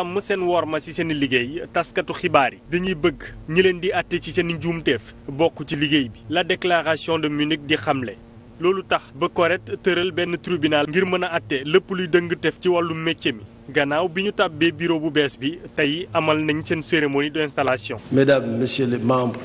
sàmm seen woor ma ci seen i liggéey taskatu xibaar yi dañuy bëgg ñi leen di àtte ci seen i bokk ci liggéey bi la déclaration de Munich di xamle loolu tax ba koret tëral benn tribunal ngir mën a àtte lépp luy dëng teef ci wàllu métier mi gannaaw bi ñu tàbbee bureau bu bees bi tey amal nañ seen cérémonie d'installation. Mesdames, messieurs les membres.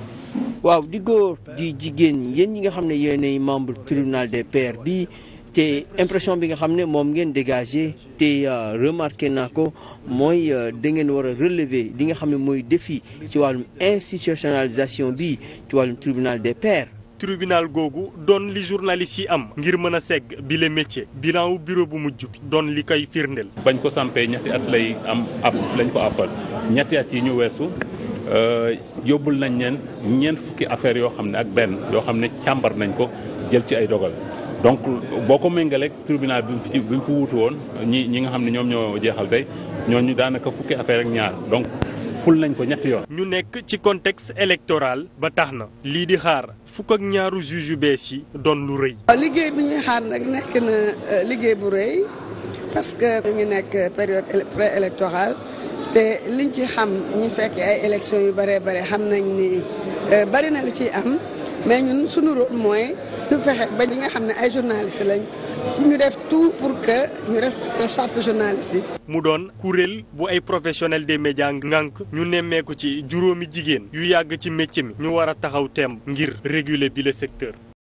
waaw di góor di jigéen yéen ñi nga xam ne yéenay membre tribunal de pairs bi. te impression bi nga xam ne moom ngeen dégagé te euh, remarqué naa ko mooy euh, da ngeen war a relever li nga xam ne mooy défi ci wàllum institutionnalisation bi ci wàllum tribunal des pairs. tribunal googu doon li journaliste yi am. ngir mën a segg bi le métier. bilan bu mujj bi. doon li koy firndeel. bañ ko sampee ñetti at lay am ab lañ ko àppal ñetti at yi ñu weesu. Euh, yóbbul nañ leen ñeent fukki affaire yoo xam ne ak benn yoo xam ne càmbar nañ ko jël ci ay dogal donc boo ko méngaleeg tribunal bi mu fi bi mu fi wuutu woon ñi ñi nga xam ne ñoom ñoo jeexal tey ñu daanaka fukki affaire ak ñaar donc ful nañ ko ñetti yoon. ñu nekk ci contexte électoral ba tax na lii di xaar fukk ak ñaaru juge yu bees yi doon lu rëy. liggéey bi ñuy xaar nag nekk na euh, liggéey bu rëy parce que ñu ngi nekk période pré électorale te liñ ci xam ñi fekk ay élections yu bëree bëri xam nañ ni euh, bëri na lu ciy am mais ñun suñu rôle mooy. ñu fexe ba ñi nga xam ne ay journaliste lañ ñu def tout pour que ñu respecter charte journaliste yi. mu doon kuréel bu ay professionnel des médias ngànk ñu nemmeeku ci juróomi jigéen yu yàgg ci métier mi ñu war a taxaw temb ngir réguler bi le secteur.